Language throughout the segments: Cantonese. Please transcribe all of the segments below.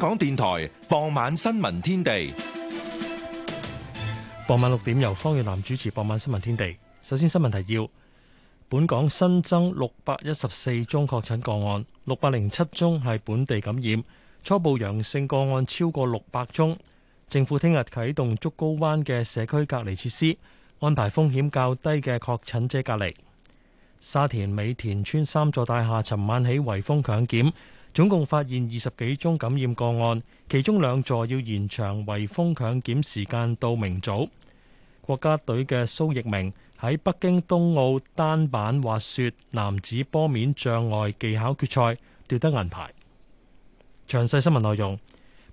香港電台傍晚新聞天地，傍晚六點由方月南主持。傍晚新聞天，天地，首先新聞提要：本港新增六百一十四宗確診個案，六百零七宗係本地感染，初步陽性個案超過六百宗。政府聽日啟動竹篙灣嘅社區隔離設施，安排風險較低嘅確診者隔離。沙田美田村三座大廈，尋晚起圍封強檢。總共發現二十幾宗感染個案，其中兩座要延長圍封強檢時間到明早。國家隊嘅蘇翊明喺北京冬奧單板滑雪男子坡面障礙技巧決賽奪得銀牌。詳細新聞內容：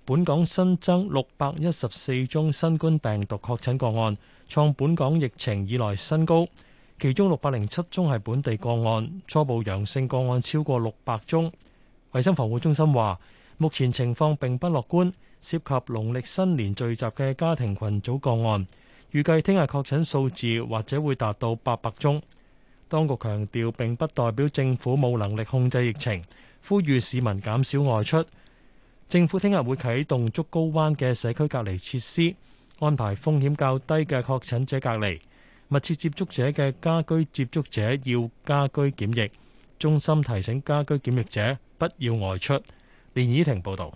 本港新增六百一十四宗新冠病毒確診個案，創本港疫情以來新高，其中六百零七宗係本地個案，初步陽性個案超過六百宗。衛生防護中心話，目前情況並不樂觀，涉及農曆新年聚集嘅家庭群組個案，預計聽日確診數字或者會達到八百宗。當局強調，並不代表政府冇能力控制疫情，呼籲市民減少外出。政府聽日會啟動竹篙灣嘅社區隔離設施，安排風險較低嘅確診者隔離，密切接觸者嘅家居接觸者要家居檢疫。中心提醒家居檢疫者不要外出。連綺婷報道。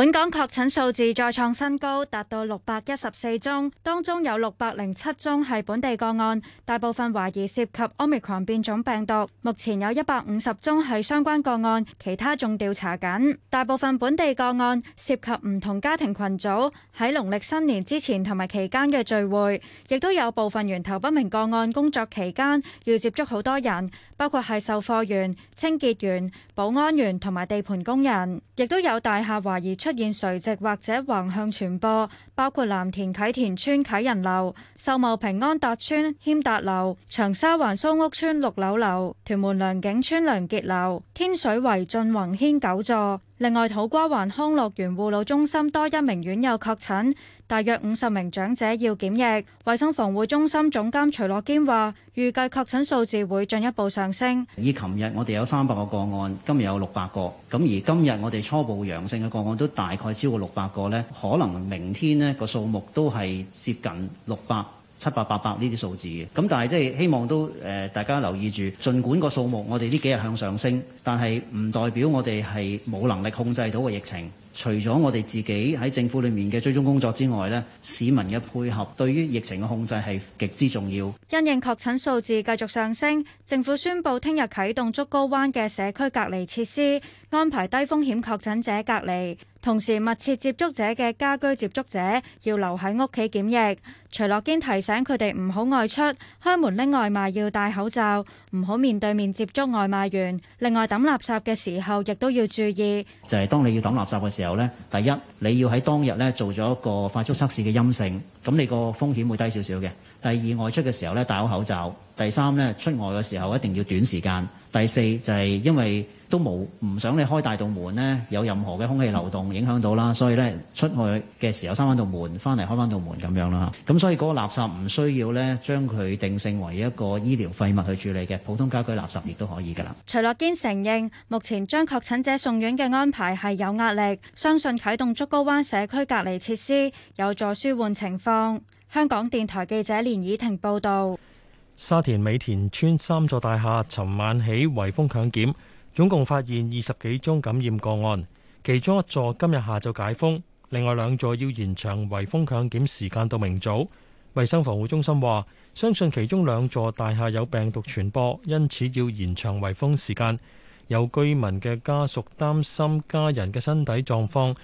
本港確診數字再創新高，達到六百一十四宗，當中有六百零七宗係本地個案，大部分懷疑涉及 Omicron 變種病毒。目前有一百五十宗係相關個案，其他仲調查緊。大部分本地個案涉及唔同家庭群組喺農曆新年之前同埋期間嘅聚會，亦都有部分源頭不明個案。工作期間要接觸好多人，包括係售貨員、清潔員、保安員同埋地盤工人，亦都有大廈懷疑出。出現垂直或者橫向傳播，包括藍田啟田村啟仁樓、秀茂坪安達村謙達樓、長沙灣蘇屋村綠柳樓、屯門良景村良傑樓、天水圍俊宏軒九座。另外，土瓜灣康樂園護老中心多一名院友確診，大約五十名長者要檢疫。衛生防護中心總監徐樂堅話：預計確診數字會進一步上升。以琴日我哋有三百個個案，今日有六百個，咁而今日我哋初步陽性嘅個案都大概超過六百個呢，可能明天呢個數目都係接近六百。七八八百呢啲數字嘅。咁，但係即係希望都誒大家留意住。儘管個數目我哋呢幾日向上升，但係唔代表我哋係冇能力控制到個疫情。除咗我哋自己喺政府裏面嘅追蹤工作之外咧，市民嘅配合對於疫情嘅控制係極之重要。因應確診數字繼續上升，政府宣佈聽日啟動竹篙灣嘅社區隔離設施。安排低風險確診者隔離，同時密切接觸者嘅家居接觸者要留喺屋企檢疫，徐樂堅提醒佢哋唔好外出，開門拎外賣要戴口罩，唔好面對面接觸外賣員，另外抌垃圾嘅時候亦都要注意。就係當你要抌垃圾嘅時候呢，第一，你要喺當日呢做咗一個快速測試嘅陰性，噉你個風險會低少少嘅。第二，外出嘅時候呢戴好口罩。第三呢，出外嘅時候一定要短時間。第四，就係因為都冇唔想你開大度門咧，有任何嘅空氣流動影響到啦，所以咧，出去嘅時候閂翻度門，翻嚟，開翻度門咁樣啦，咁所以嗰個垃圾唔需要咧，將佢定性為一個醫療廢物去處理嘅，普通家居垃圾亦都可以噶啦。徐樂堅承認，目前將確診者送院嘅安排係有壓力，相信啟動竹篙灣社區隔離設施有助舒緩情況。香港電台記者連以婷報道。沙田美田村三座大廈尋晚起圍封強檢。總共發現二十幾宗感染個案，其中一座今日下晝解封，另外兩座要延長圍封強檢時間到明早。衛生防護中心話，相信其中兩座大廈有病毒傳播，因此要延長圍封時間。有居民嘅家屬擔心家人嘅身體狀況，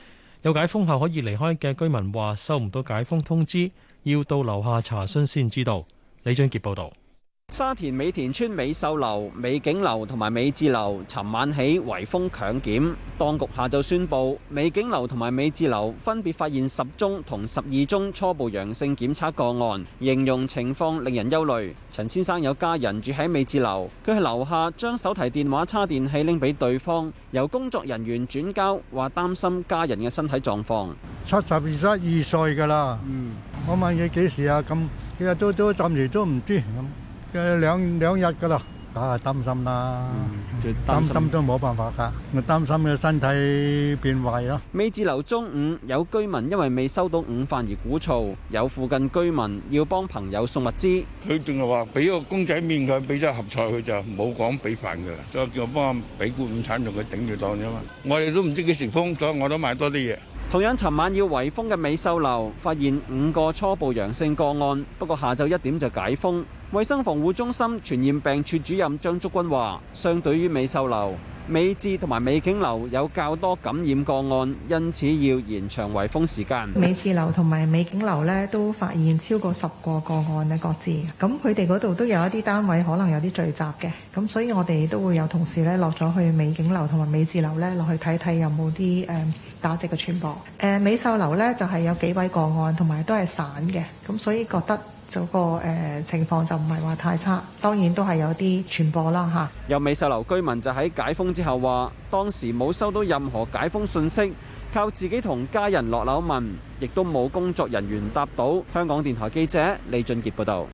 有解封後可以離開嘅居民話收唔到解封通知，要到樓下查詢先知道。李俊傑報道。沙田美田村美秀樓、美景樓同埋美智樓，尋晚起圍封強檢，當局下晝宣布，美景樓同埋美智樓分別發現十宗同十二宗初步陽性檢測個案，形容情況令人憂慮。陳先生有家人住喺美智樓，佢喺樓下將手提電話叉電器拎俾對方，由工作人員轉交，話擔心家人嘅身體狀況。七十二十二歲噶啦，嗯，我問你幾時啊？咁幾日都都暫時都唔知。兩兩日噶啦，梗係擔心啦，擔、嗯、擔心，心都冇辦法噶。我擔心嘅身體變壞咯。美智樓中午有居民因為未收到午飯而鼓噪，有附近居民要幫朋友送物資。佢仲係話俾個公仔麵佢，俾咗盒菜佢就冇講俾飯噶，就叫我幫下俾罐午餐，同佢頂住檔啫嘛。我哋都唔知幾時封咗，我都買多啲嘢。同樣，尋晚要圍封嘅美秀樓發現五個初步陽性個案，不過下晝一點就解封。衛生防護中心傳染病處主任張竹君話，相對於美秀樓、美智同埋美景樓有較多感染個案，因此要延長圍封時間。美智樓同埋美景樓咧都發現超過十個個案咧，各自咁佢哋嗰度都有一啲單位可能有啲聚集嘅，咁所以我哋都會有同事咧落咗去美景樓同埋美智樓咧落去睇睇有冇啲誒打直嘅傳播。誒美秀樓咧就係有幾位個案，同埋都係散嘅，咁所以覺得。嗰個誒情況就唔係話太差，當然都係有啲傳播啦嚇。有美秀樓居民就喺解封之後話，當時冇收到任何解封信息，靠自己同家人落樓問，亦都冇工作人員答到。香港電台記者李俊傑報道。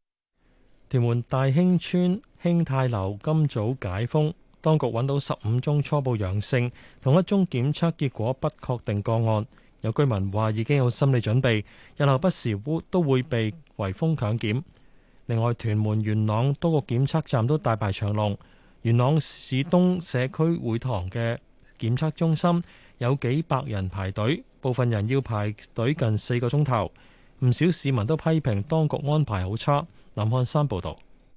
屯門大興村興泰樓今早解封，當局揾到十五宗初步陽性，同一宗檢測結果不確定個案。有居民話已經有心理準備，日後不時污都會被圍封強檢。另外，屯門元朗多個檢測站都大排長龍，元朗市東社區會堂嘅檢測中心有幾百人排隊，部分人要排隊近四個鐘頭。唔少市民都批評當局安排好差。林漢山報導。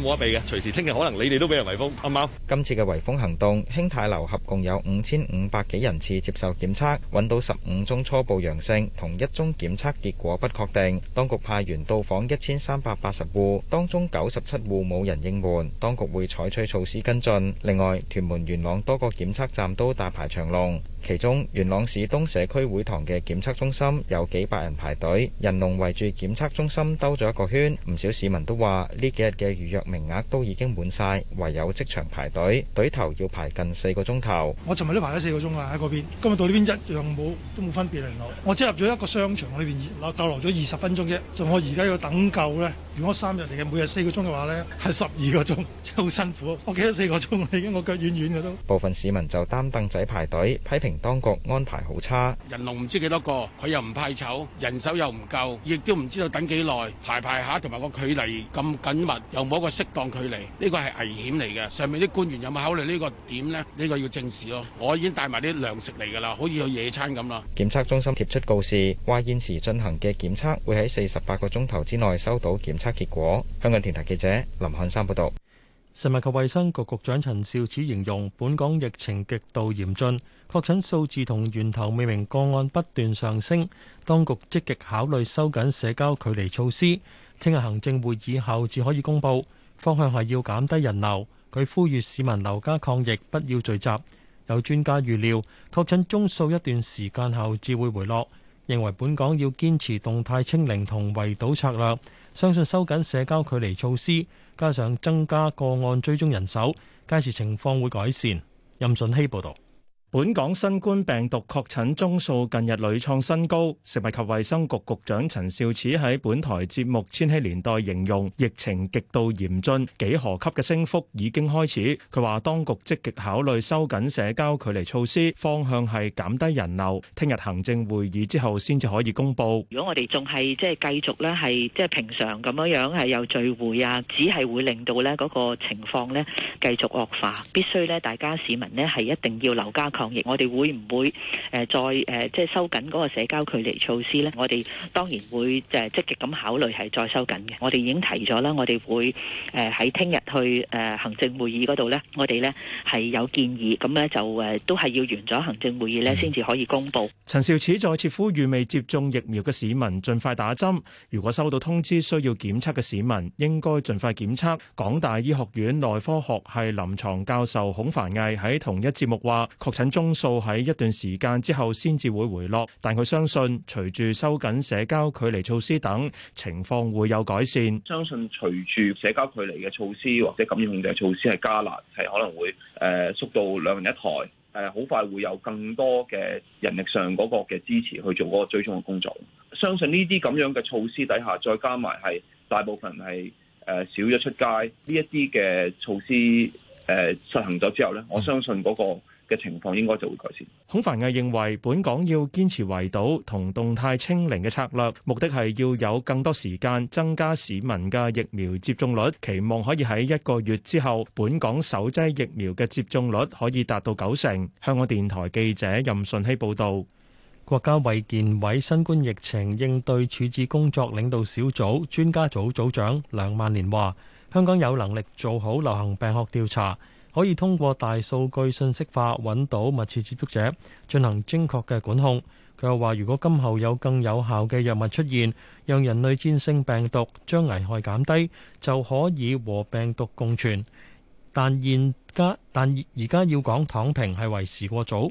冇得比嘅，隨時聽日可能你哋都俾人圍封，啱唔啱？今次嘅圍封行動，興泰樓合共有五千五百幾人次接受檢測，揾到十五宗初步陽性，同一宗檢測結果不確定。當局派員到訪一千三百八十戶，當中九十七戶冇人應門，當局會採取措施跟進。另外，屯門元朗多個檢測站都大排長龍，其中元朗市東社區會堂嘅檢測中心有幾百人排隊，人龍圍住檢測中心兜咗一個圈，唔少市民都話呢幾日嘅預約，名額都已經滿晒，唯有即場排隊，隊頭要排近四個鐘頭。我尋日都排咗四個鐘啦喺嗰邊，今日到呢邊一樣冇都冇分別人落。我只入咗一個商場裏邊，留逗留咗二十分鐘啫。就我而家要等夠咧？如果三日嚟，嘅每日四個鐘嘅話咧，係十二個鐘，真係好辛苦。我企咗四個鐘，已經我腳軟軟嘅都。部分市民就擔凳仔排隊，批評當局安排好差。人龍唔知幾多個，佢又唔派籌，人手又唔夠，亦都唔知道等幾耐，排排下同埋個距離咁緊密，又冇個。適當距離呢個係危險嚟嘅，上面啲官員有冇考慮呢個點呢？呢個要正視咯。我已經帶埋啲糧食嚟㗎啦，好似有野餐咁啦。檢測中心貼出告示，話現時進行嘅檢測會喺四十八個鐘頭之內收到檢測結果。香港電台記者林漢山報導。食物及衛生局局長陳肇始形容，本港疫情極度嚴峻，確診數字同源頭未明個案不斷上升，當局積極考慮收緊社交距離措施。聽日行政會議後至可以公佈。方向係要減低人流，佢呼籲市民留家抗疫，不要聚集。有專家預料，確診宗數一段時間後至會回落，認為本港要堅持動態清零同圍堵策略，相信收緊社交距離措施，加上增加個案追蹤人手，屆時情況會改善。任順希報導。本港新冠病毒確診宗數近日屢創新高，食物及衛生局局長陳肇始喺本台節目《千禧年代》形容疫情極度嚴峻，幾何級嘅升幅已經開始。佢話：當局積極考慮收緊社交距離措施，方向係減低人流。聽日行政會議之後先至可以公佈。如果我哋仲係即係繼續咧，係即係平常咁樣樣係有聚會啊，只係會令到咧嗰個情況咧繼續惡化，必須咧大家市民咧係一定要留家。防疫，我哋會唔會誒再誒即係收緊嗰個社交距離措施咧？我哋當然會誒積極咁考慮係再收緊嘅。我哋已經提咗啦，我哋會誒喺聽日去誒行政會議嗰度咧，我哋咧係有建議，咁咧就誒都係要完咗行政會議咧先至可以公布。陳肇始再次呼籲未接種疫苗嘅市民盡快打針。如果收到通知需要檢測嘅市民，應該盡快檢測。港大醫學院內科學系臨牀教授孔凡毅喺同一節目話：確診。中數喺一段時間之後先至會回落，但佢相信隨住收緊社交距離措施等，情況會有改善。相信隨住社交距離嘅措施或者感染控制措施係加辣，係可能會誒縮、呃、到兩人一台，誒、呃、好快會有更多嘅人力上嗰個嘅支持去做嗰個追蹤嘅工作。相信呢啲咁樣嘅措施底下，再加埋係大部分人係誒、呃、少咗出街呢一啲嘅措施誒、呃、實行咗之後咧，我相信嗰、那個嘅情況應該就會改善。孔繁毅認為，本港要堅持圍堵同動態清零嘅策略，目的係要有更多時間增加市民嘅疫苗接種率，期望可以喺一個月之後，本港首劑疫苗嘅接種率可以達到九成。香港電台記者任順希報導。國家衛健委新冠疫情應對處置工作領導小組專家組組長梁萬年話：香港有能力做好流行病學調查。可以通過大數據信息化揾到密切接觸者，進行精確嘅管控。佢又話：如果今後有更有效嘅藥物出現，讓人類戰勝病毒，將危害減低，就可以和病毒共存。但現家但而家要講躺平係為時過早。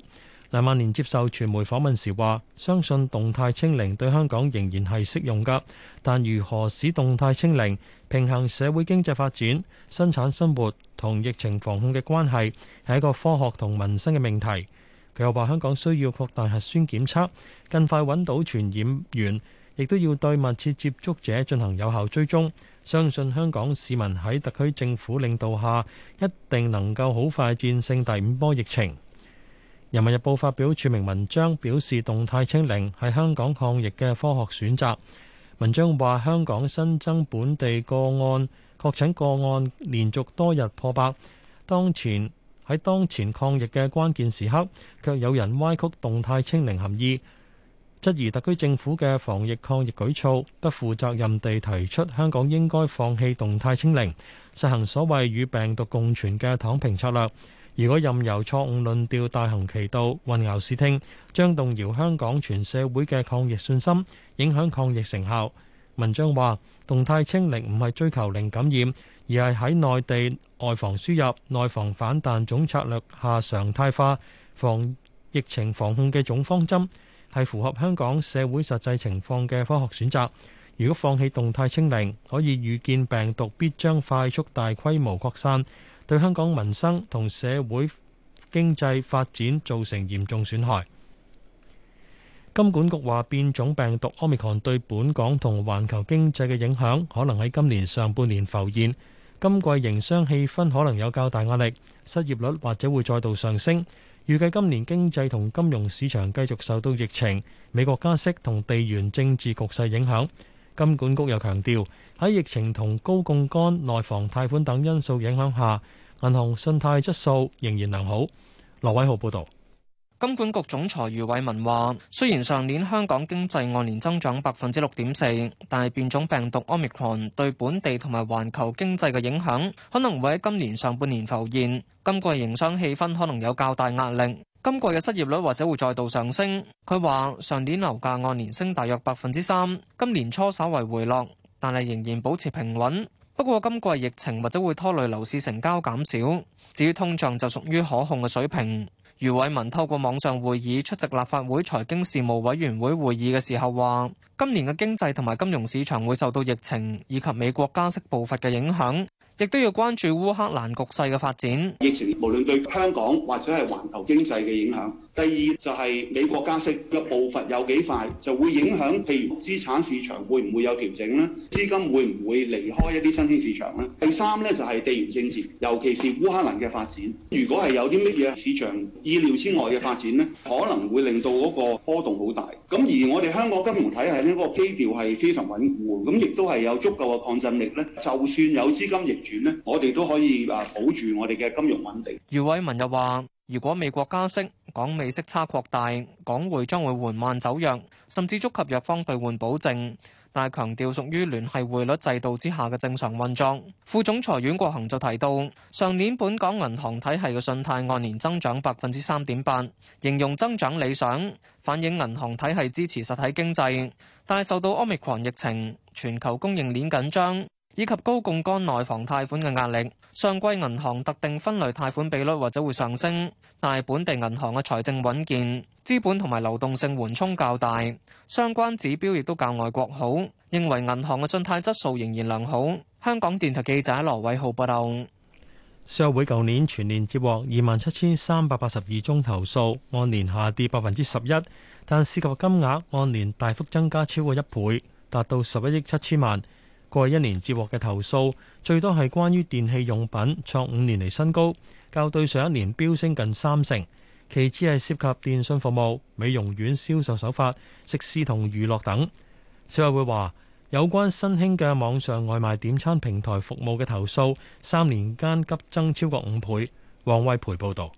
梁萬年接受傳媒訪問時話，相信動態清零對香港仍然係適用噶，但如何使動態清零平衡社會經濟發展、生產生活同疫情防控嘅關係，係一個科學同民生嘅命題，佢又話香港需要擴大核酸檢測，更快揾到傳染源，亦都要對密切接觸者進行有效追蹤，相信香港市民喺特區政府領導下，一定能夠好快戰勝第五波疫情。《人民日報》發表署名文章，表示動態清零係香港抗疫嘅科學選擇。文章話：香港新增本地個案、確診個案連續多日破百，當前喺當前抗疫嘅關鍵時刻，卻有人歪曲動態清零含義，質疑特區政府嘅防疫抗疫舉措，不負責任地提出香港應該放棄動態清零，實行所謂與病毒共存嘅躺平策略。如果任由錯誤論調大行其道、混淆視聽，將動搖香港全社會嘅抗疫信心，影響抗疫成效。文章話：動態清零唔係追求零感染，而係喺內地外防輸入、內防反彈總策略下常態化防疫情防控嘅總方針，係符合香港社會實際情況嘅科學選擇。如果放棄動態清零，可以預見病毒必將快速大規模擴散。對香港民生同社會經濟發展造成嚴重損害。金管局話：變種病毒 Omicron 對本港同環球經濟嘅影響，可能喺今年上半年浮現。今季營商氣氛可能有較大壓力，失業率或者會再度上升。預計今年經濟同金融市場繼續受到疫情、美國加息同地緣政治局勢影響。金管局又強調，喺疫情同高槓桿、內房貸款等因素影響下，銀行信貸質素仍然良好。羅偉豪報道。金管局總裁余偉文話，雖然上年香港經濟按年增長百分之六點四，但係變種病毒 Omicron 對本地同埋環球經濟嘅影響，可能會喺今年上半年浮現。今季營商氣氛可能有較大壓力，今季嘅失業率或者會再度上升。佢話上年樓價按年升大約百分之三，今年初稍為回落，但係仍然保持平穩。不過，今季疫情或者會拖累樓市成交減少。至於通脹，就屬於可控嘅水平。余偉文透過網上會議出席立法會財經事務委員會會議嘅時候話，今年嘅經濟同埋金融市場會受到疫情以及美國加息步伐嘅影響，亦都要關注烏克蘭局勢嘅發展。疫情無論對香港或者係環球經濟嘅影響。第二就係、是、美國加息嘅步伐有幾快，就會影響譬如資產市場會唔會有調整咧？資金會唔會離開一啲新興市場咧？第三咧就係、是、地緣政治，尤其是烏克蘭嘅發展。如果係有啲乜嘢市場意料之外嘅發展咧，可能會令到嗰個波動好大。咁而我哋香港金融體系呢嗰個基調係非常穩固，咁亦都係有足夠嘅抗震力咧。就算有資金逆轉咧，我哋都可以啊保住我哋嘅金融穩定。余偉文又話。如果美國加息，港美息差擴大，港匯將會緩慢走弱，甚至觸及弱方兌換保證。但係強調屬於聯繫匯率制度之下嘅正常運作。副總裁阮國恆就提到，上年本港銀行體系嘅信貸按年增長百分之三點八，形容增長理想，反映銀行體系支持實體經濟。但係受到 Omicron 疫情、全球供應鏈緊張，以及高槓桿內房貸款嘅壓力，上季銀行特定分類貸款比率或者會上升。但係本地銀行嘅財政穩健、資本同埋流動性緩衝較大，相關指標亦都較外國好，認為銀行嘅信貸質素仍然良好。香港電台記者羅偉浩報道。消委會舊年全年接獲二萬七千三百八十二宗投訴，按年下跌百分之十一，但涉及金額按年大幅增加，超過一倍，達到十一億七千萬。過去一年接獲嘅投訴，最多係關於電器用品，創五年嚟新高，較對上一年飆升近三成。其次係涉及電訊服務、美容院銷售手法、食肆同娛樂等。消委會話，有關新興嘅網上外賣點餐平台服務嘅投訴，三年間急增超過五倍。黃惠培報導。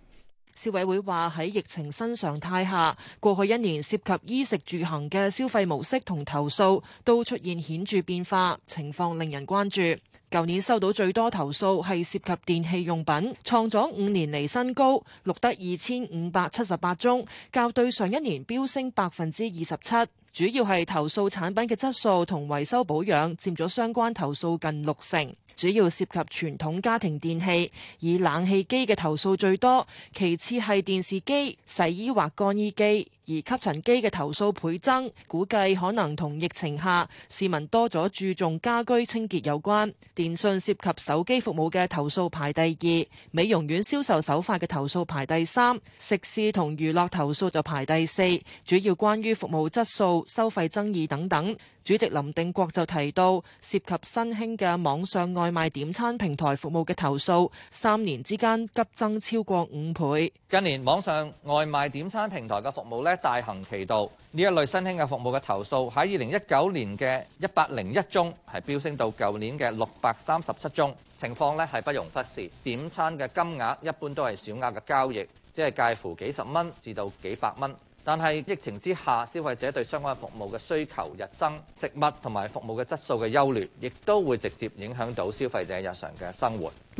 消委會話喺疫情新常態下，過去一年涉及衣食住行嘅消費模式同投訴都出現顯著變化，情況令人關注。舊年收到最多投訴係涉及電器用品，創咗五年嚟新高，錄得二千五百七十八宗，較對上一年飆升百分之二十七。主要係投訴產品嘅質素同維修保養佔咗相關投訴近六成。主要涉及傳統家庭電器，以冷氣機嘅投訴最多，其次係電視機、洗衣或乾衣機，而吸塵機嘅投訴倍增，估計可能同疫情下市民多咗注重家居清潔有關。電信涉及手機服務嘅投訴排第二，美容院銷售手法嘅投訴排第三，食肆同娛樂投訴就排第四，主要關於服務質素、收費爭議等等。主席林定國就提到，涉及新興嘅網上外賣點餐平台服務嘅投訴，三年之間急增超過五倍。近年網上外賣點餐平台嘅服務咧大行其道，呢一類新興嘅服務嘅投訴喺二零一九年嘅一百零一宗，係飆升到舊年嘅六百三十七宗，情況咧係不容忽視。點餐嘅金額一般都係小額嘅交易，即係介乎幾十蚊至到幾百蚊。但係疫情之下，消費者對相關服務嘅需求日增，食物同埋服務嘅質素嘅優劣，亦都會直接影響到消費者日常嘅生活。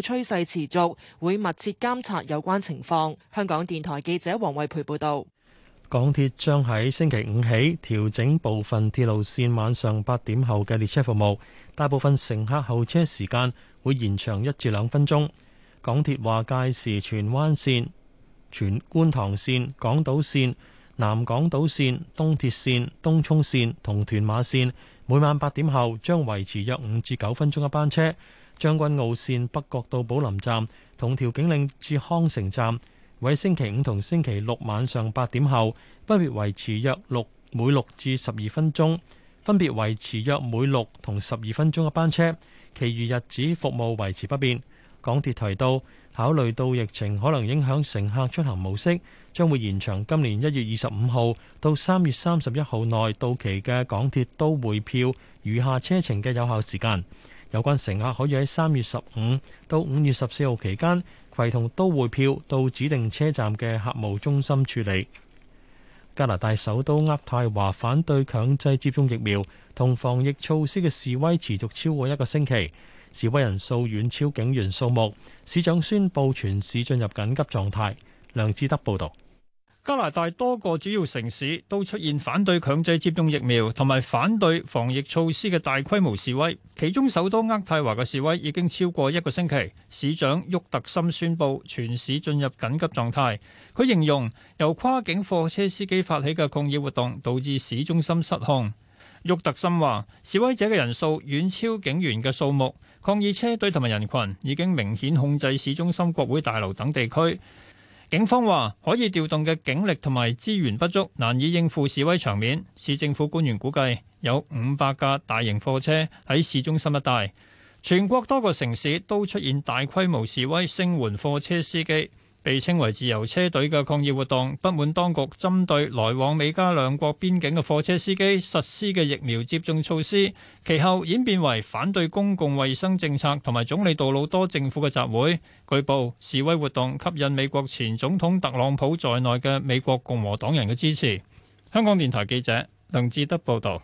趨勢持續，會密切監察有關情況。香港電台記者黃慧培報道：港鐵將喺星期五起調整部分鐵路線晚上八點後嘅列車服務，大部分乘客候車時間會延長一至兩分鐘。港鐵話屆時荃灣線、荃觀塘線、港島線、南港島線、東鐵線、東涌線同屯馬線每晚八點後將維持約五至九分鐘嘅班車。將軍澳線北角，到寶林站同調景嶺至康城站，喺星期五同星期六晚上八點後，分別，維持約六每六至十二分鐘，分別維持約每六同十二分鐘嘅班車。其餘日子服務維持不變。港鐵提到，考慮到疫情可能影響乘客出行模式，將會延長今年一月二十五號到三月三十一號內到期嘅港鐵都會票餘下車程嘅有效時間。有關乘客可以喺三月十五到五月十四號期間，攜同都會票到指定車站嘅客務中心處理。加拿大首都渥太華反對強制接種疫苗同防疫措施嘅示威持續超過一個星期，示威人數遠超警員數目，市長宣布全市進入緊急狀態。梁志德報道。加拿大多個主要城市都出現反對強制接種疫苗同埋反對防疫措施嘅大規模示威，其中首都渥太華嘅示威已經超過一個星期。市長沃特森宣布全市進入緊急狀態。佢形容由跨境貨車司機發起嘅抗議活動導致市中心失控。沃特森話：示威者嘅人數遠超警員嘅數目，抗議車隊同埋人群已經明顯控制市中心、國會大樓等地區。警方話可以調動嘅警力同埋資源不足，難以應付示威場面。市政府官員估計有五百架大型貨車喺市中心一帶。全國多個城市都出現大規模示威，聲援貨車司機。被稱為自由車隊嘅抗議活動，不滿當局針對來往美加兩國邊境嘅貨車司機實施嘅疫苗接種措施，其後演變為反對公共衛生政策同埋總理杜魯多政府嘅集會。據報示威活動吸引美國前總統特朗普在內嘅美國共和黨人嘅支持。香港電台記者梁志德報導，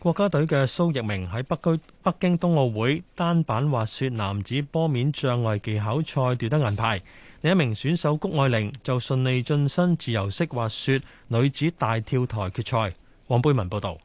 國家隊嘅蘇翊鳴喺北京北京冬奧會單板滑雪男子坡面障礙技巧賽奪得銀牌。一名另選手谷愛玲就順利晉身自由式滑雪女子大跳台決賽。黃貝文報道：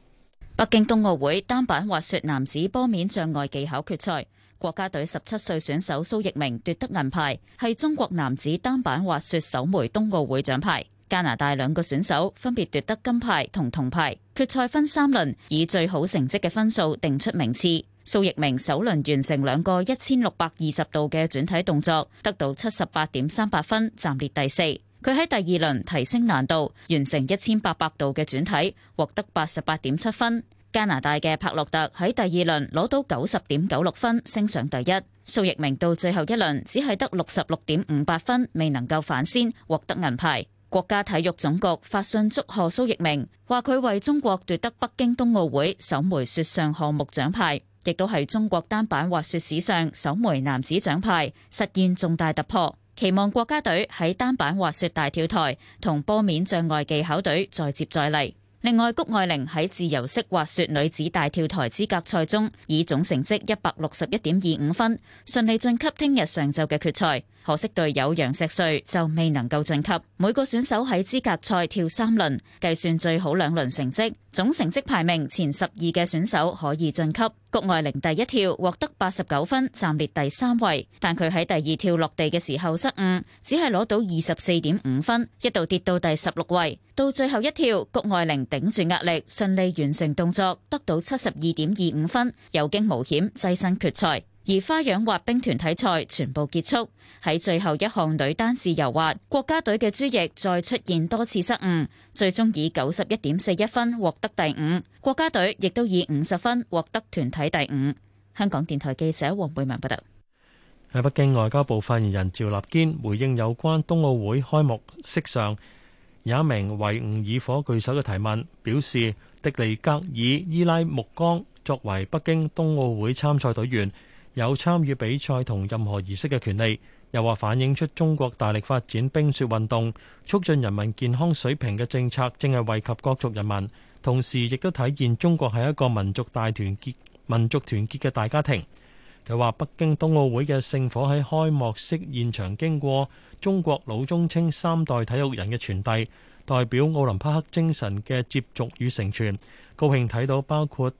北京冬奧會單板滑雪男子坡面障礙技巧決賽，國家隊十七歲選手蘇翊鳴奪得銀牌，係中國男子單板滑雪首枚冬奧會獎牌。加拿大兩個選手分別奪得金牌同銅牌。決賽分三輪，以最好成績嘅分數定出名次。蘇翊明首輪完成兩個一千六百二十度嘅轉體動作，得到七十八點三八分，暫列第四。佢喺第二輪提升難度，完成一千八百度嘅轉體，獲得八十八點七分。加拿大嘅帕洛特喺第二輪攞到九十點九六分，升上第一。蘇翊明到最後一輪只係得六十六點五八分，未能夠反先，獲得銀牌。國家體育總局發信祝賀蘇翊明，話佢為中國奪得北京冬奧會首枚雪上項目獎牌。亦都係中國單板滑雪史上首枚男子獎牌，實現重大突破。期望國家隊喺單板滑雪大跳台同坡面障礙技巧隊再接再厲。另外，谷愛玲喺自由式滑雪女子大跳台資格賽中，以總成績一百六十一點二五分，順利晉級聽日上晝嘅決賽。可惜隊友楊石瑞就未能夠晉級。每個選手喺資格賽跳三輪，計算最好兩輪成績，總成績排名前十二嘅選手可以晉級。谷愛玲第一跳獲得八十九分，暫列第三位，但佢喺第二跳落地嘅時候失誤，只係攞到二十四點五分，一度跌到第十六位。到最後一跳，谷愛玲頂住壓力，順利完成動作，得到七十二點二五分，有驚無險躋身決賽。而花樣滑冰團體賽全部結束，喺最後一項女單自由滑，國家隊嘅朱易再出現多次失誤，最終以九十一點四一分獲得第五。國家隊亦都以五十分獲得團體第五。香港電台記者黃貝文報道。喺北京外交部發言人趙立堅回應有關冬奧會開幕式上有一名維吾爾火炬手嘅提問，表示迪尼格爾·伊拉木江作為北京冬奧會參賽隊員有參與比賽同任何儀式嘅權利，又話反映出中國大力發展冰雪運動、促進人民健康水平嘅政策，正係惠及各族人民，同時亦都體現中國係一個民族大團結、民族團結嘅大家庭。佢話北京冬奧會嘅聖火喺開幕式現場經過中國老中青三代體育人嘅傳遞，代表奧林匹克精神嘅接續與承傳，高興睇到包括，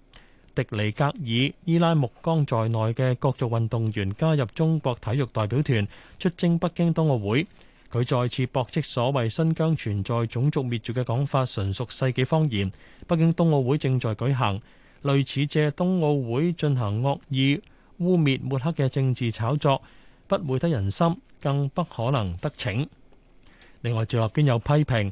迪尼格爾、伊拉木江在內嘅各族運動員加入中國體育代表團出征北京冬奧會。佢再次駁斥所謂新疆存在種族滅絕嘅講法，純屬世紀謊言。北京冬奧會正在舉行，類似借冬奧會進行惡意污衊抹黑嘅政治炒作，不會得人心，更不可能得逞。另外，趙立堅又批評。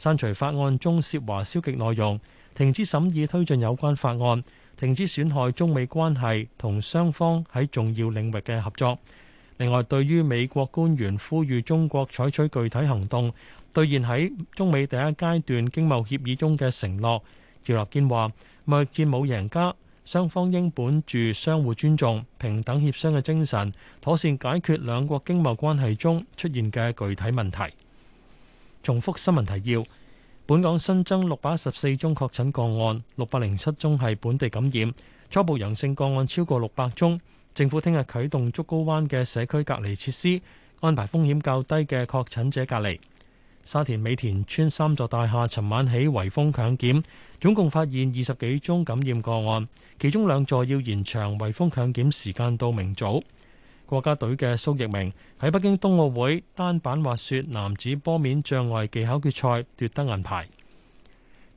刪除法案中涉華消極內容，停止審議推進有關法案，停止損害中美關係同雙方喺重要領域嘅合作。另外，對於美國官員呼籲中國採取具體行動，兌現喺中美第一階段經貿協議中嘅承諾，趙立堅話：貿易戰冇贏家，雙方應本住相互尊重、平等協商嘅精神，妥善解決兩國經貿關係中出現嘅具體問題。重複新聞提要：本港新增六百一十四宗確診個案，六百零七宗係本地感染，初步陽性個案超過六百宗。政府聽日啟動竹篙灣嘅社區隔離設施，安排風險較低嘅確診者隔離。沙田美田村三座大廈，尋晚起圍封強檢，總共發現二十幾宗感染個案，其中兩座要延長圍封強檢時間到明早。國家隊嘅蘇翊鳴喺北京冬奧會單板滑雪男子坡面障礙技巧決賽奪得銀牌。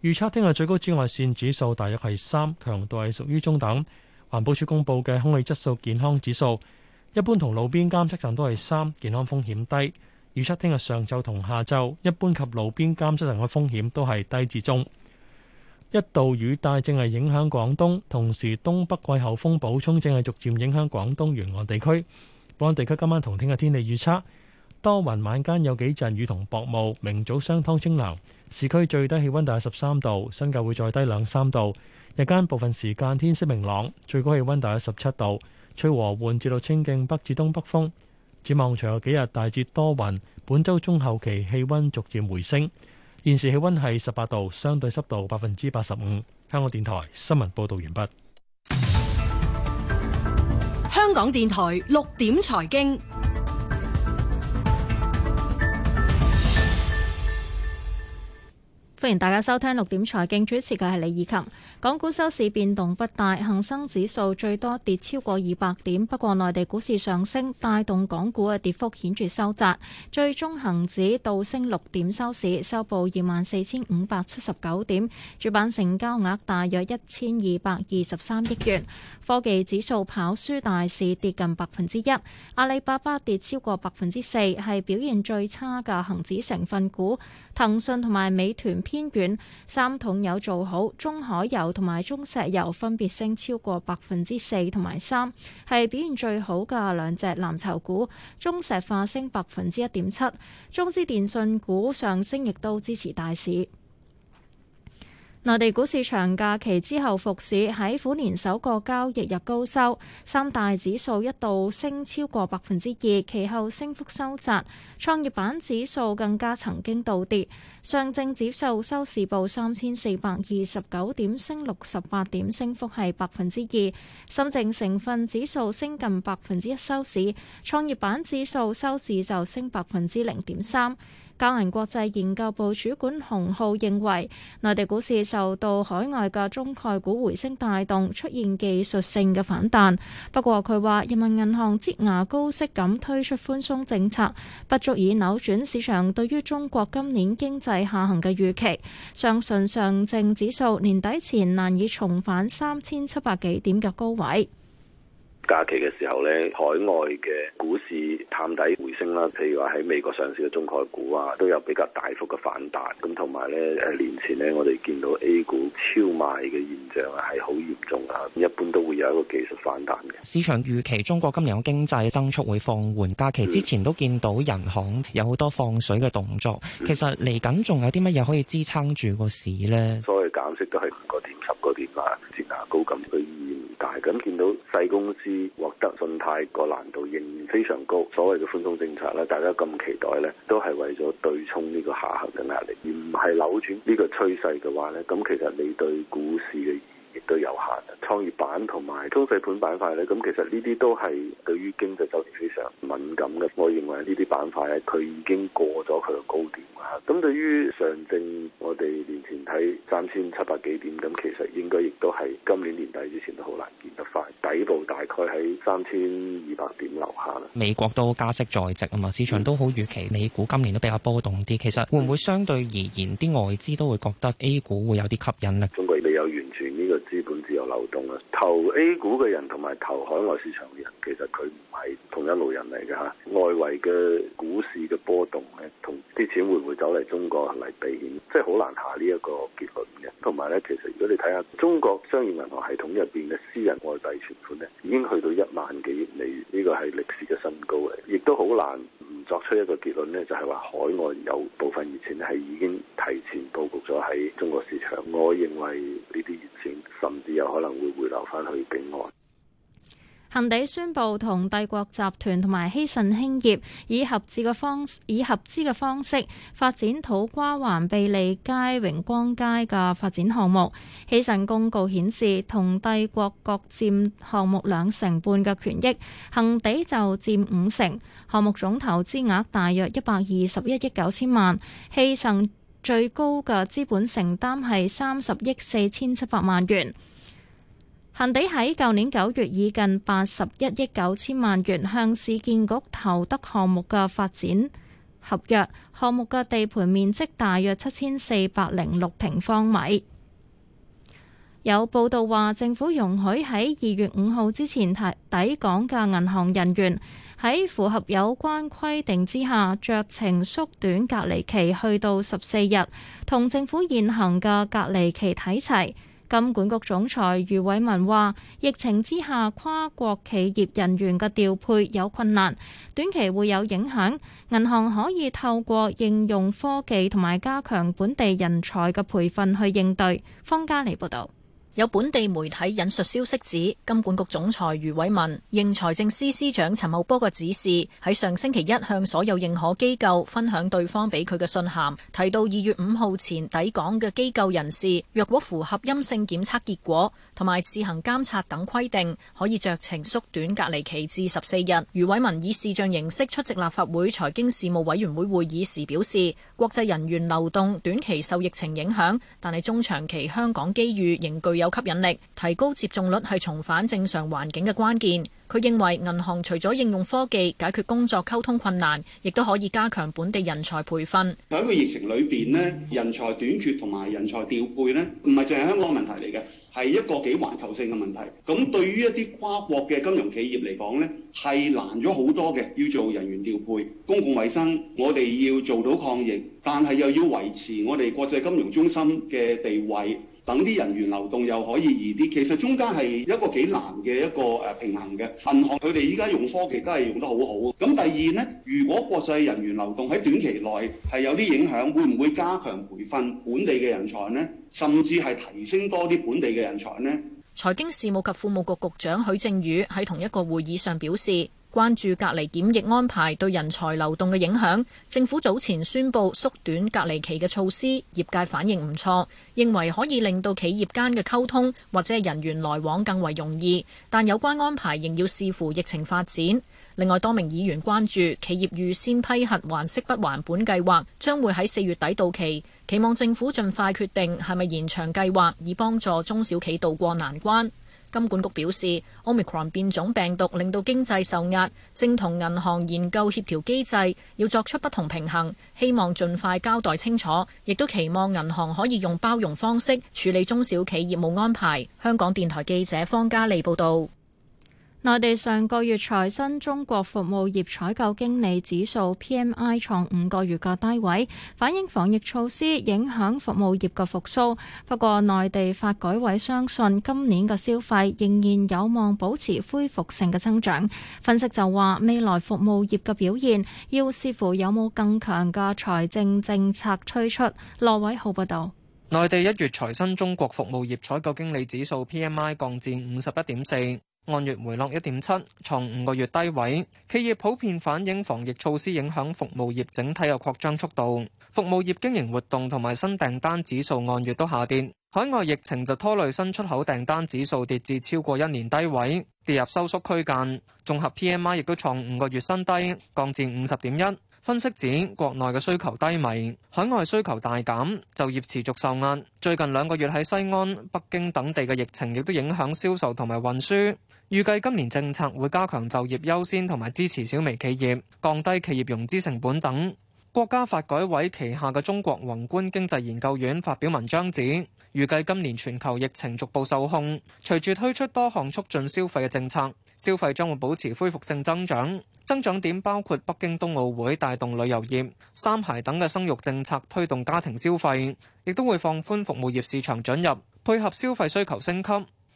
預測聽日最高紫外線指數大約係三，強度係屬於中等。環保署公佈嘅空氣質素健康指數，一般同路邊監測站都係三，健康風險低。預測聽日上晝同下晝，一般及路邊監測站嘅風險都係低至中。一道雨帶正係影響廣東，同時東北季候風補充正係逐漸影響廣東沿岸地區，本港地區今晚同聽日天氣預測多雲晚間有幾陣雨同薄霧，明早相當清涼，市區最低氣溫大約十三度，新界會再低兩三度。日間部分時間天色明朗，最高氣溫大約十七度，吹和緩至到清勁北至東北風。展望隨後幾日大致多雲，本周中後期氣溫逐漸回升。現時氣溫係十八度，相對濕度百分之八十五。香港電台新聞報道完畢。香港電台六點財經。歡迎大家收聽六點財經，主持嘅係李綺琴。港股收市變動不大，恒生指數最多跌超過二百點，不過內地股市上升帶動港股嘅跌幅顯著收窄，最終恒指倒升六點收市，收報二萬四千五百七十九點，主板成交額大約一千二百二十三億元。科技指數跑輸大市，跌近百分之一。阿里巴巴跌超過百分之四，係表現最差嘅恒指成分股。騰訊同埋美團偏軟，三桶油做好。中海油同埋中石油分別升超過百分之四同埋三，係表現最好嘅兩隻藍籌股。中石化升百分之一點七，中資電信股上升亦都支持大市。內地股市長假期之後復市，喺虎年首個交易日高收，三大指數一度升超過百分之二，其後升幅收窄。創業板指數更加曾經倒跌。上證指數收市報三千四百二十九點，升六十八點，升幅係百分之二。深證成分指數升近百分之一收市，創業板指數收市就升百分之零點三。交銀國際研究部主管洪浩認為，內地股市受到海外嘅中概股回升帶動，出現技術性嘅反彈。不過，佢話人民銀行擠牙膏式咁推出寬鬆政策，不足以扭轉市場對於中國今年經濟下行嘅預期，相信上證指數年底前難以重返三千七百幾點嘅高位。假期嘅時候咧，海外嘅股市探底回升啦，譬如話喺美國上市嘅中概股啊，都有比較大幅嘅反彈。咁同埋咧，誒年前咧，我哋見到 A 股超賣嘅現象係好嚴重啊，一般都會有一個技術反彈嘅。市場預期中國今年嘅經濟增速會放緩，假期之前都見到人行有好多放水嘅動作。嗯、其實嚟緊仲有啲乜嘢可以支撐住個市咧？所謂減息都係五個點、十個點啊，擠牙膏咁。咁見到細公司獲得信貸個難度仍然非常高，所謂嘅寬鬆政策咧，大家咁期待咧，都係為咗對沖呢個下行嘅壓力，而唔係扭轉呢個趨勢嘅話咧，咁其實你對股市嘅？都有限嘅，創業板同埋中細盤板塊咧，咁其實呢啲都係對於經濟周期非常敏感嘅。我認為呢啲板塊咧，佢已經過咗佢嘅高點啦。咁對於上證，我哋年前睇三千七百幾點，咁其實應該亦都係今年年底之前都好難見得翻底部，大概喺三千二百點樓下啦。美國都加息在即啊嘛，市場都好預期，美股今年都比較波動啲。其實會唔會相對而言，啲外資都會覺得 A 股會有啲吸引力？中國未有完全。流動啊，投 A 股嘅人同埋投海外市場嘅人，其實佢唔係同一路人嚟嘅吓。外圍嘅股市嘅波動咧，同啲錢會唔會走嚟中國嚟避險，即係好難下呢一個結論嘅。同埋咧，其實如果你睇下中國商業銀行系統入邊嘅私人外幣存款咧，已經去到一萬幾億美元，呢、這個係歷史嘅新高嘅，亦都好難。作出一個結論呢，就係話海外有部分熱錢咧，係已經提前佈局咗喺中國市場，我認為呢啲熱錢甚至有可能會回流翻去境外。恒地宣布同帝國集團同埋希慎興業以合資嘅方，以合資嘅方式發展土瓜灣、庇利街、榮光街嘅發展項目。希慎公告顯示，同帝國各佔項目兩成半嘅權益，恒地就佔五成。項目總投資額大約一百二十一億九千萬，希慎最高嘅資本承擔係三十億四千七百萬元。恒地喺舊年九月以近八十一億九千萬元向市建局投得項目嘅發展合約，項目嘅地盤面積大約七千四百零六平方米。有報道話，政府容許喺二月五號之前提抵港嘅銀行人員喺符合有關規定之下，酌情縮短隔離期，去到十四日，同政府現行嘅隔離期睇齊。金管局總裁余偉文話：疫情之下，跨國企業人員嘅調配有困難，短期會有影響。銀行可以透過應用科技同埋加強本地人才嘅培訓去應對。方家妮報道。有本地媒體引述消息指，金管局總裁余偉文應財政司司長陳茂波嘅指示，喺上星期一向所有認可機構分享對方俾佢嘅信函，提到二月五號前抵港嘅機構人士，若果符合陰性檢測結果同埋自行監察等規定，可以酌情縮短隔離期至十四日。余偉文以視像形式出席立法會財經事務委員會會議時表示，國際人員流動短期受疫情影響，但係中長期香港機遇仍具有有吸引力，提高接種率係重返正常環境嘅關鍵。佢認為銀行除咗應用科技解決工作溝通困難，亦都可以加強本地人才培訓。喺個疫情裏邊咧，人才短缺同埋人才調配咧，唔係淨係香港問題嚟嘅，係一個幾環球性嘅問題。咁對於一啲跨國嘅金融企業嚟講咧，係難咗好多嘅，要做人員調配。公共衛生，我哋要做到抗疫，但係又要維持我哋國際金融中心嘅地位。等啲人員流動又可以易啲，其實中間係一個幾難嘅一個誒平衡嘅。銀行佢哋依家用科技都係用得好好。咁第二呢，如果國際人員流動喺短期內係有啲影響，會唔會加強培訓本地嘅人才呢？甚至係提升多啲本地嘅人才呢？財經事務及庫務局局長許正宇喺同一個會議上表示。關注隔離檢疫安排對人才流動嘅影響，政府早前宣布縮短隔離期嘅措施，業界反應唔錯，認為可以令到企業間嘅溝通或者係人員來往更為容易。但有關安排仍要視乎疫情發展。另外，多名議員關注企業預先批核還息不還本計劃將會喺四月底到期，期望政府盡快決定係咪延長計劃，以幫助中小企渡過難關。金管局表示，Omicron 變種病毒令到經濟受壓，正同銀行研究協調機制，要作出不同平衡，希望盡快交代清楚，亦都期望銀行可以用包容方式處理中小企業務安排。香港電台記者方嘉莉報導。內地上個月財新中國服務業採購經理指數 PMI 創五個月嘅低位，反映防疫措施影響服務業嘅復甦。不過，內地發改委相信今年嘅消費仍然有望保持恢復性嘅增長。分析就話，未來服務業嘅表現要視乎有冇更強嘅財政政策推出。羅偉浩報導。內地一月財新中國服務業採購經理指數 PMI 降至五十一點四。按月回落一點七，創五個月低位。企業普遍反映防疫措施影響服務業整體嘅擴張速度。服務業經營活動同埋新訂單指數按月都下跌，海外疫情就拖累新出口訂單指數跌至超過一年低位，跌入收縮區間。綜合 PMI 亦都創五個月新低，降至五十點一。分析指國內嘅需求低迷，海外需求大減，就業持續受壓。最近兩個月喺西安、北京等地嘅疫情亦都影響銷售同埋運輸。預計今年政策會加強就業優先同埋支持小微企業，降低企業融資成本等。國家發改委旗下嘅中國宏觀經濟研究院發表文章指，預計今年全球疫情逐步受控，隨住推出多項促進消費嘅政策，消費將會保持恢復性增長。增長點包括北京冬奧會帶動旅遊業、三孩等嘅生育政策推動家庭消費，亦都會放寬服務業市場准入，配合消費需求升級。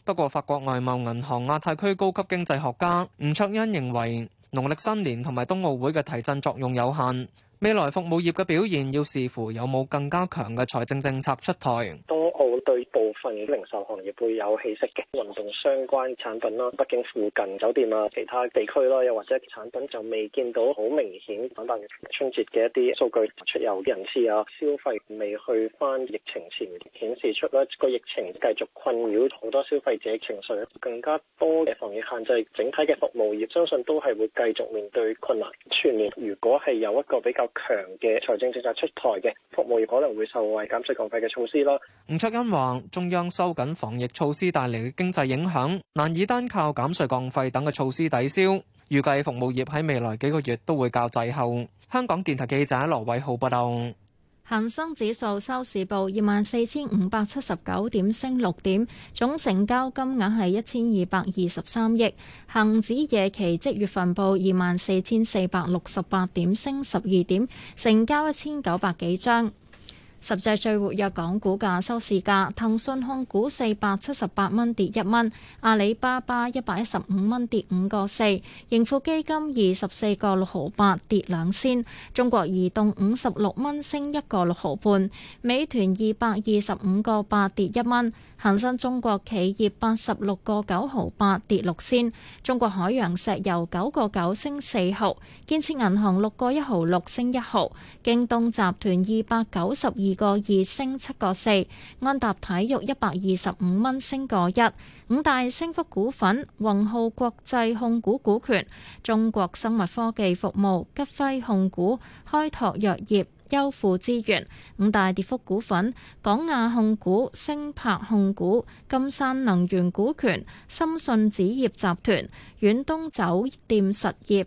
不過，法國外貿銀行亞太區高級經濟學家吳卓恩認為，農曆新年同埋冬奧會嘅提振作用有限，未來服務業嘅表現要視乎有冇更加強嘅財政政策出台。部分零售行業會有起色嘅，運動相關產品啦，北京附近酒店啊，其他地區咯、啊，又或者產品就未見到好明顯反彈嘅。淡淡春節嘅一啲數據，出遊嘅人次啊，消費未去翻疫情前顯示出啦，個疫情繼續困擾好多消費者情緒，更加多嘅防疫限制，整體嘅服務業相信都係會繼續面對困難。全年如果係有一個比較強嘅財政政策出台嘅，服務業可能會受惠減稅降費嘅措施啦。吳卓恩話中央。將收緊防疫措施帶嚟嘅經濟影響，難以單靠減稅降費等嘅措施抵消。預計服務業喺未來幾個月都會較滯後。香港電台記者羅偉浩報道。恒生指數收市報二萬四千五百七十九點，升六點，總成交金額係一千二百二十三億。恒指夜期即月份報二萬四千四百六十八點，升十二點，成交一千九百幾張。十隻最活躍港股價收市價，騰訊控股四百七十八蚊跌一蚊，阿里巴巴一百一十五蚊跌五個四，盈富基金二十四個六毫八跌兩仙，中國移動五十六蚊升一個六毫半，美團二百二十五個八跌一蚊。恒生中國企業八十六個九毫八跌六仙，中國海洋石油九個九升四毫，建設銀行六個一毫六升一毫，京東集團二百九十二個二升七個四，安踏體育一百二十五蚊升個一，五大升幅股份：宏浩國際控股股權、中國生物科技服務、吉輝控股、開拓藥業。優富資源。五大跌幅股份，港亞控股、星柏控股、金山能源股權、深信紙業集團、遠東酒店實業。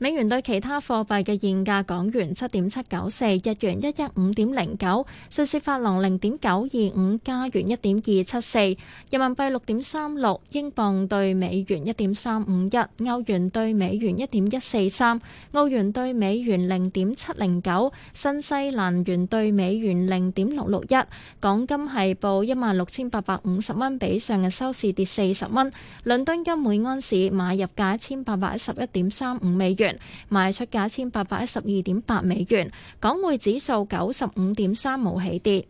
美元對其他貨幣嘅現價：港元七點七九四，日元一一五點零九，瑞士法郎零點九二五，加元一點二七四，人民幣六點三六，英鎊對美元一點三五一，歐元對美元一點一四三，澳元對美元零點七零九，新西蘭元對美元零點六六一。港金係報一萬六千八百五十蚊，比上日收市跌四十蚊。倫敦金每安士買入價一千八百一十一點三五美元。賣出價千八百一十二點八美元，港匯指數九十五點三，冇起跌。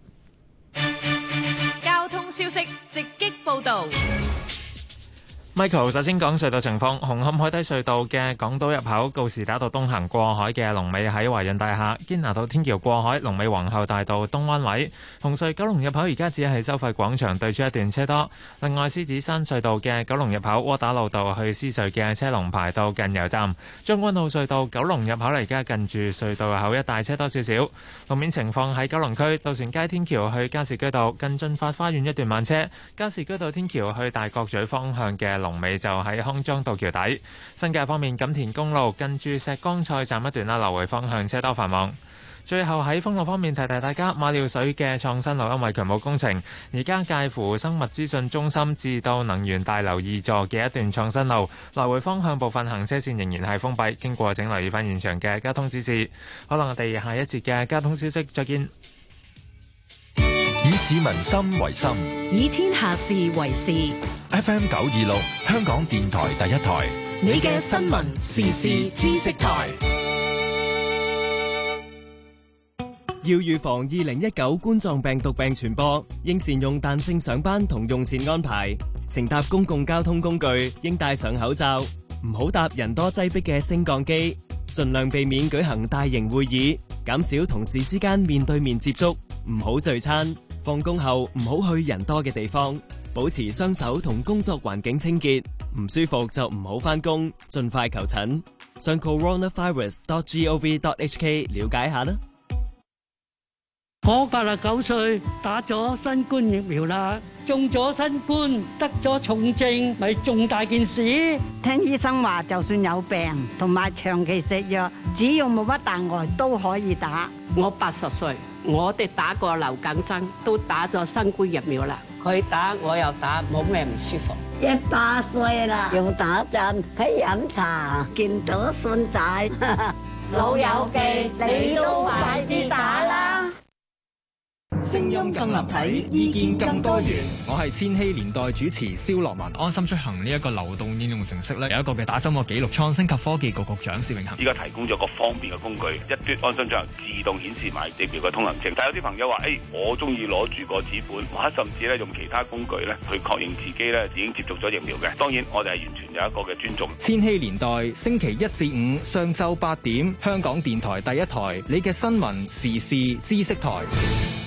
交通消息直擊報道。Michael，首先講隧道情況。紅磡海底隧道嘅港島入口告士打道東行過海嘅龍尾喺華潤大廈；堅拿道天橋過海龍尾皇后大道東彎位。紅隧九龍入口而家只係收費廣場對出一段車多。另外獅子山隧道嘅九龍入口窩打老道去獅隧嘅車龍排到近油站。將軍澳隧道九龍入口嚟，而家近住隧道口一帶車多少少。路面情況喺九龍區渡船街天橋去加士居道近進發花園一段慢車。加士居道天橋去大角咀方向嘅紅尾就喺康莊道橋底。新界方面，錦田公路近住石崗菜站一段啦，來回方向車多繁忙。最後喺封路方面，提提大家馬料水嘅創新路，因為強冇工程，而家介乎生物資訊中心至到能源大樓二座嘅一段創新路，來回方向部分行車線仍然係封閉。經過請，留意翻現場嘅交通指示，好喇，我哋下一節嘅交通消息再見。以市民心為心，以天下事為事。F M 九二六，香港電台第一台，你嘅新聞時事知識台。要預防二零一九冠狀病毒病傳播，應善用彈性上班同用膳安排。乘搭公共交通工具應戴上口罩，唔好搭人多擠迫嘅升降機，盡量避免舉行大型會議，減少同事之間面對面接觸，唔好聚餐。放工後唔好去人多嘅地方，保持雙手同工作環境清潔。唔舒服就唔好翻工，盡快求診。上 coronavirus.gov.hk 了解一下啦。我八十九歲，打咗新冠疫苗啦，中咗新冠，得咗重症，咪仲大件事。聽醫生話，就算有病同埋長期食藥，只要冇乜大礙都可以打。我八十歲，我哋打過流感針，都打咗新冠疫苗啦。佢打我又打，冇咩唔舒服。一百歲啦，又打針，去飲茶，見到孫仔，老友記，你都快啲打啦！聲音更立體，意見更多元。我係千禧年代主持蕭樂文。安心出行呢一個流動應用程式咧，有一個嘅打針嘅記錄，創新及科技局局長薛永恒依家提供咗個方便嘅工具，一端安心出行自動顯示埋疫苗嘅通行證。但有啲朋友話，誒、哎，我中意攞住個紙本，或者甚至咧用其他工具咧去確認自己咧已經接種咗疫苗嘅。當然，我哋係完全有一個嘅尊重。千禧年代星期一至五上晝八點，香港電台第一台你嘅新聞時事知識台。